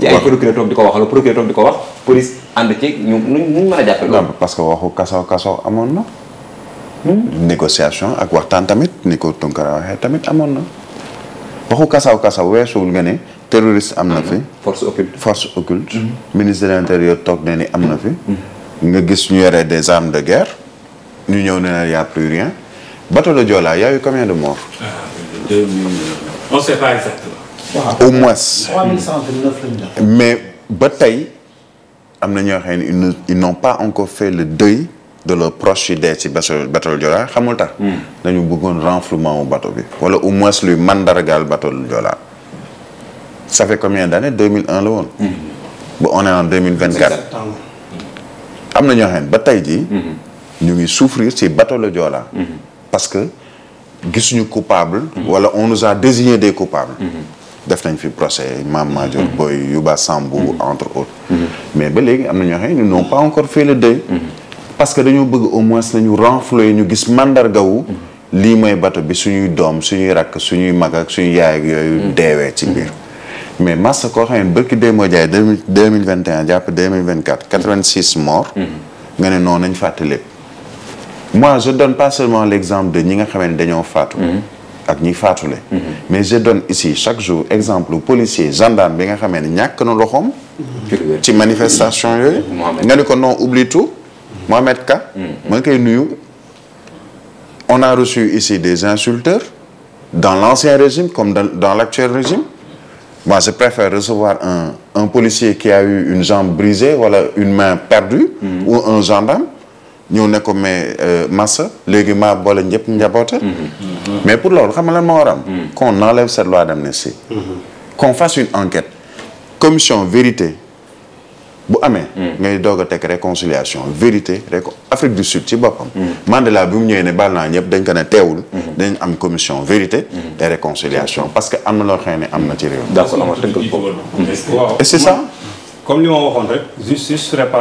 ci ay procureur toog di ko wax wala procureur toog ko wax police ànd ci ñu ñu mën a jàppe loolu parce que waxu kasaw kasaw amoon na hmm? négociation ak waxtaan tamit ni ko Tunkara waxee tamit amoon na waxu kasaw kasaw weesuwul nga ne terroriste am na fi hmm. force occulte force occulte hmm. ministre de l'intérieur toog ne ni am na fi nga gis ñu yore des armes de guerre ñu ñëw ne na y a plus rien bateau de Joola combien de morts ah, au moins. 3129 lañ mais ba tey am na ñoo xam ne ils n'ont pas encore fait le deuil de leur proche yi dee ci bateau xamul tax. Hmm. dañu bëggoon renflouement wu bateau bi. wala au moins luy mandargaal bateau Joola. ça fait combien d'années 2001 la woon. Hmm. ba on est en 2024. am na ñoo xam ba tey jii. Hmm. ñu ngi souffrir ci bateau parce que gis gisuñu coupable. wala on nous a désigné des coupables. def nañ fi procès Mame Madior mm-hmm. Boy Yuba Sambou mm-hmm. entre autres mm-hmm. mais ba léegi am na ñoo xam ne n'ont pas encore fait le deuil parce que dañoo bëgg au moins nañu renflouer ñu gis mandargawu lii mooy bato bi suñuy doom suñuy rakk suñuy mag ak suñuy yaay ak yooyu deewee ci biir mais massa koo xam ne bërki déy moo jaay deux mille vingt et un jàpp deux mille vingt quatre quatre vingt six morts nga ne noonu nañ fàtte lépp moi je donne pas seulement l'exemple de ñi nga xamee ne dañoo faatu ak ñi faatule mhm. mais je donne ici chaque jour exemple policier gendarme bi nga xamee ne ñàkk na loxoom ci manifestation yooyu nga ni ko non oublie tout Mohamed Ka mhm. ma ngi koy nuyu on a reçu ici des insulteurs dans l'ancien régime comme dans, dans l'actuel régime moi je préfère recevoir un un policier qui a eu une jambe brisée wala voilà, une main perdue mhm. ou un gendarme ñëw ne ko mais euh, Massa léegi maa boole ñëpp njaboote mm-hmm. Mm-hmm. mais pour loolu xam nga lan moo kon naa am qu'on enlève cette loi d'amnistie mm-hmm. qu'on fasse une enquête commission vérité bu amee mm. ngay doog a teg réconciliation vérité réco Afrique du Sud ci boppam mm. Mandela bi mu ñëwee ne baal naa ñëpp dañ ko ne teewul dañ am commission vérité et réconciliation parce que am na loo xam am na ci réew d'accord et c'est ça comme li ma waxoon rek